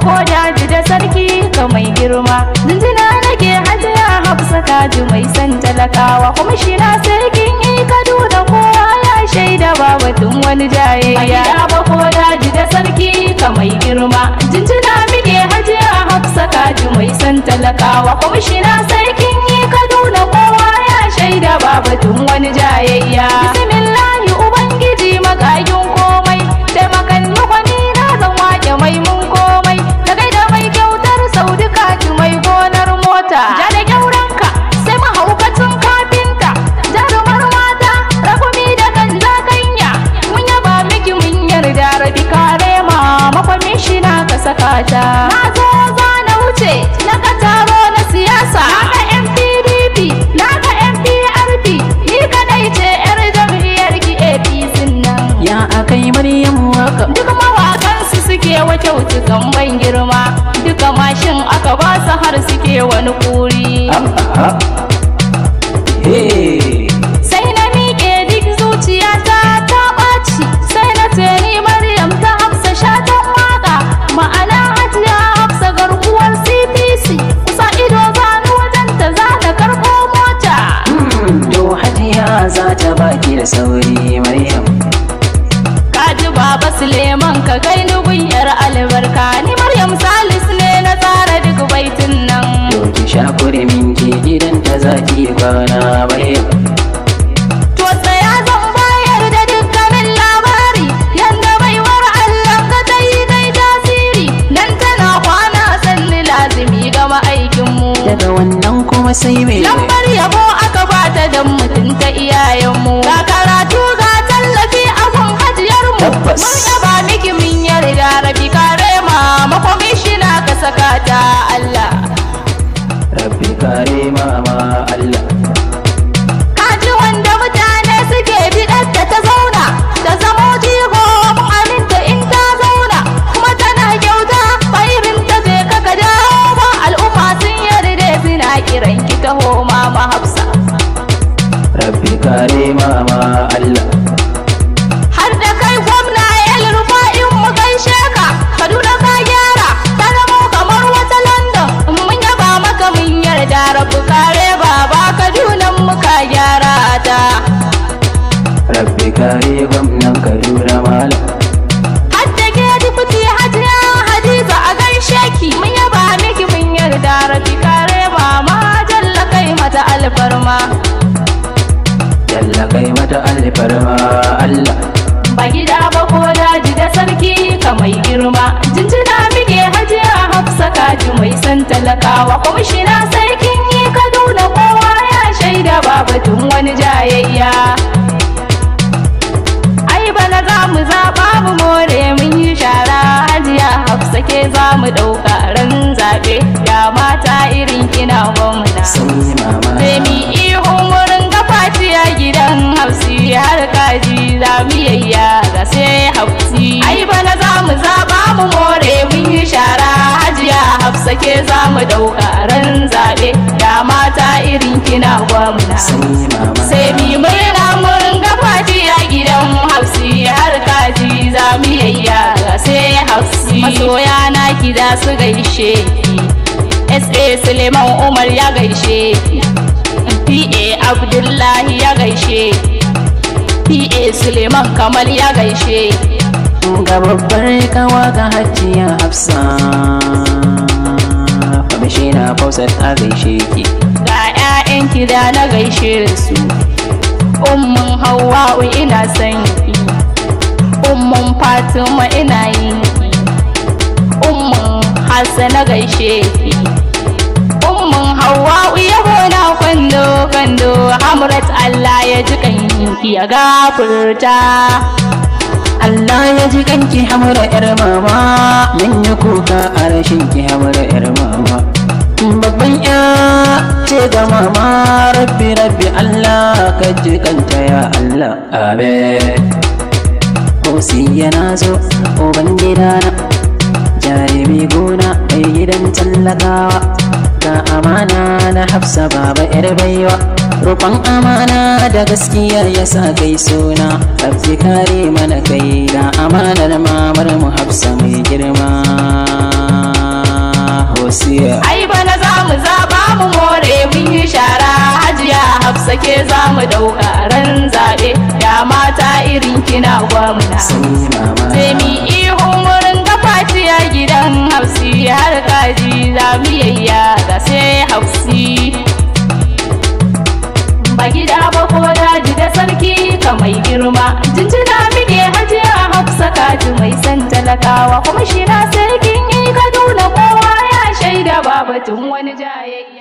ko daji da sarki ka mai girma jinjina nake hajiya hafsa kaji mai san talakawa kuma shi na sarkin yi e kaduna kowa ya shaida ba batun wani jayayya a ba ko daji da sarki ka mai girma jinjina muke hajiya hafsa kaji mai san talakawa kuma shi na sarkin sauri sai na miƙe duk zuciyata ta ɓaci sai na teni maryam ta hafsa shatan waƙa ma'ana Hajiya hafsa garkuwar cpc kusa ido gano wajen ta za ta karɓo mota hmm, to hajiya za ta baki da sauri shakure minki gidan ta zaki kwana bai to tsaya zan bayar da dukkanin labari yanda baiwar Allah ka ta yi dai tasiri dan tana kwana sanni lazimi ga ma'aikin mu daga wannan kuma sai me lambar yabo aka bata dan mutunta iyayen mu ga karatu ga tallafi a gun hajiyar mu mun rabbi kare mama Allah har da kai gwamna ya lurfa in mu gaishe ka kaduna ka gyara ka kamar wata london mun yaba maka mun yarda rabbi kare baba kadunan mu ka gyara ta rabbi kare gwamnan kaduna malam Allah kai mata alfarma Allah ba gida ba ko daji da sarki ka mai girma jinjina muke hajiya hafsa kaji mai san talakawa shi kwamishina sarkin yi kaduna kowa ya shaida ba batun wani jayayya ai bana za mu zaɓa mu more mun yi shara hajiya hafsa ke za mu ɗauka ran zaɓe ya mata irin kina gwamna sai mi hausi har kaji za mu yayya ga sai hausi ai bana za mu zaba mu more mun yi shara hajiya hafsa ke za mu dauka ran zabe da mata irin kina gwamna sai mi murna mun ga fati a gidan hausi har kaji za mu yayya ga sai hausi masoya na ki za su gaishe ki SA Suleiman Umar ya gaishe ki pa abdullahi ya gaishe pa suleiman kamal ya gaishe ga babbar kawa ga hajjiya hafsa kwamishe na fausat ta gaishe ki ga 'ya'yan da na gaishe su ummin hawa'u ina son ki ummin fatima ina yi. ki Hassan na gaishe ki ummin hawa'u yabo na ya ji ya gafurta Allah ya ji kanki hamura yar mama mun yi kuka a rashin ki hamura yar mama babban ya ce ga mama rabbi rabbi Allah ka ji kanta ya Allah amin Osi yana zo uban na jarumi gona ai gidan tallakawa ga amana na hafsa baba yar baiwa roƙon amana da gaskiya ya sa kai suna rabbi kare mana kai da amanar mamar mu hafsa mai girma hosiya ai na za mu za ba mu more mun yi shara hajiya hafsa ke za mu dauka ran zabe ya mata irin kina gwamna sai mama sadakawa kuma shi na sarkin ka kaduna kowa ya shaida ba batun wani jayayya